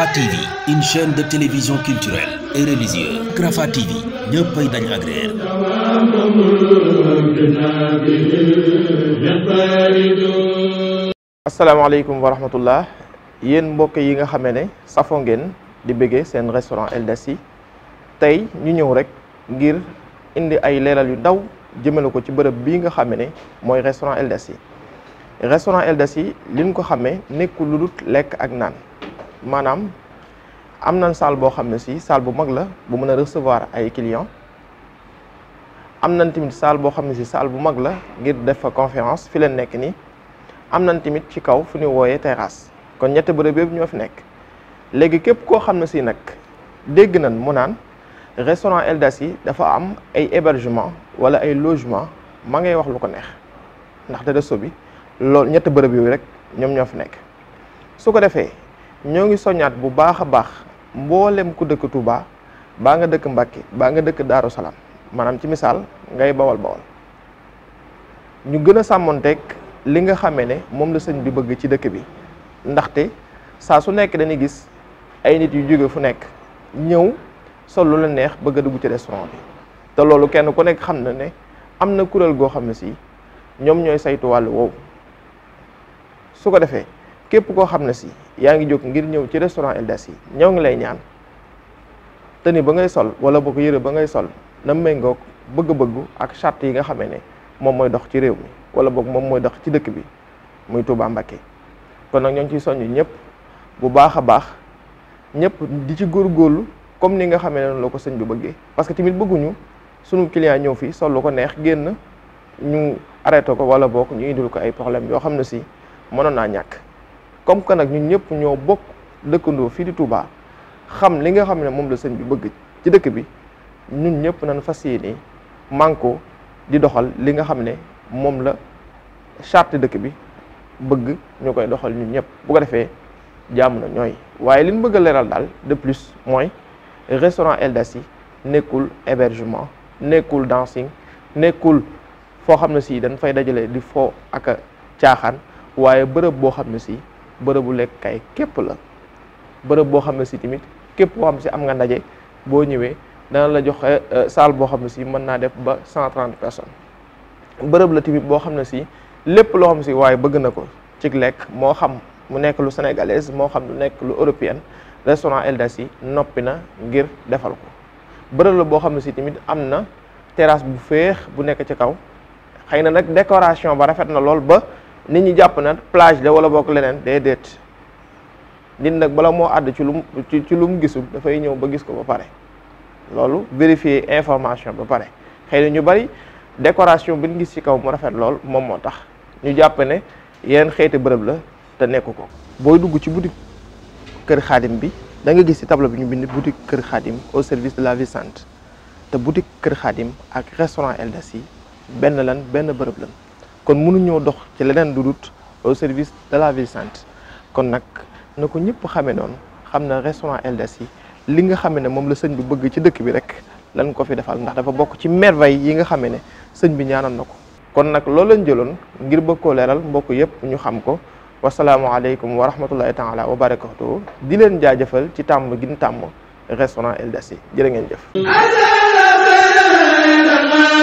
Rafah TV une chaîne de télévision culturelle et religieuse Rafah TV ñëpp ay dañ agréer yéen mbokk yi nga xamee ne safo ngeen di bëggee seen restaurant Eldassi tey ñu ñëw rek ngir indi ay leeral yu ndaw jëmale ko ci bërëb bi nga xamee ne mooy restaurant Eldassi restaurant Eldassi liñ ko xamee nekku lu lekk ak naan maanaam am na salle boo xam ne si salle bu mag la bu mën a recevoir ay clients am nañ tamit salle boo xam ne si salle bu mag la ngir def fa conférence fi leen nekk nii am nañ tamit ci kaw fu ñu wooyee terrasse kon ñetti bërëb yëpp ñoo fi nekk léegi képp koo xam ne si nag dégg nañ mu naan restaurant Eldassi yi dafa am ay hébergement wala ay logement ma ngay wax lu ko neex ndax de resto bi loolu ñetti bërëb yooyu rek ñoom ñoo fi nekk su ko defee ñoo ngi soñaat bu baax a baax mboolem ku dëkk Touba baa nga dëkk Mbacké baa nga dëkk Daaru Salaam maanaam ci misaal ngay bawal bawal ñu gën a sàmmonteeg li nga xamee ne moom la sëñ bi bëgg ci dëkk bi ndaxte saa su nekk dañuy gis ay nit yu jóge fu nekk ñëw solu lu la neex bëgg a dugg ci restaurant bi te loolu kenn ku nekk xam na ne am na kuréel goo xam ne si ñoom ñooy saytu wàllu woowu su ko defee képp koo xam ne si yaa ngi jóg ngir ñëw ci restaurant Eldas yi ñëw ngi lay ñaan te ba ngay sol wala boo ko yëre ba ngay sol na méngoog bëgg-bëggu ak charte yi nga xamee ne moom mooy dox ci réew mi wala boog moom mooy dox ci dëkk bi muy Touba Mbacké kon nag ñoo ngi ciy soññ ñëpp bu baax a baax ñëpp di ci góor góorlu comme ni nga xamee ne noonu la ko sëñ bi bëggee parce que tamit bëgguñu sunu client ñëw fii sol lu ko neex génn ñu arrêté ko wala book ñu indil ko ay problème yoo xam ne si mënoon naa ñàkk. comme que nag ñun ñëpp ñoo bokk dëkkandoo fii di Touba xam li nga xam ne moom la sëñ bi bëgg ci dëkk bi ñun ñëpp nañ fas yéene manko di doxal li nga xam ne moom la charte dëkk bi bëgg ñu koy doxal ñun ñëpp bu ko defee jàmm na ñooy waaye li ñu bëgg a leeral daal de plus mooy restaurant Eldas nekkul hébergement nekkul dancing nekkul foo xam ne si dañ fay dajale di foo ak caaxaan waaye bërëb boo xam ne si bërëbu lekkukaay képp la bërëb boo xam ne si tamit képp koo xam ne si am nga ndaje boo ñëwee dana la joxe euh, salle boo xam ne si mën naa def ba cent trente bërëb la tamit boo xam ne si lépp loo xam si waaye bëgg na ko ci lekk moo xam mu nekk lu sénégalaise moo xam lu nekk lu européenne restaurant Eldassi noppi na ngir defal ko bërëb la boo xam ne si tamit am na terrasse bu féex bu nekk ci kaw xëy na nag décoration ba rafet na lool ba nit ñi jàpp na plage la wala bokk leneen déedéet nit nag bala moo àdd ci lum ci ci lu mu gisul dafay ñëw ba gis ko ba pare loolu vérifier information ba pare xëy na ñu bari décoration bi ñu gis ci kaw mu rafet lool moom moo tax ñu jàpp ne yenn xeeti bërëb la te nekk ko booy dugg ci boutique kër xaadim bi da nga gis ci tableau bi ñu bind boutique kër xaadim au service de la vie sainte te boutique kër xaadim ak restaurant Eldas yi benn lan benn bërëb lan kon mënuñoo dox ci leneen lu dut au service de la ville sainte kon nag na ko ñëpp xamee noonu xam na restaurant Eldas yi li nga xam ne moom la sëñ bi bëgg ci dëkk bi rek lan ko fi defal ndax dafa bokk ci merveille yi nga xam ne sëñ bi ñaanoon na ko kon nag loolu lañ jëloon ngir bokkoo leeral mbokk yëpp ñu xam ko wasalaamualeykum wa rahmatullahi taala wa barakatuhu di leen jaajëfal ci tàmm gi nu tàmm restaurant Eldas yi jërë ngeen jëf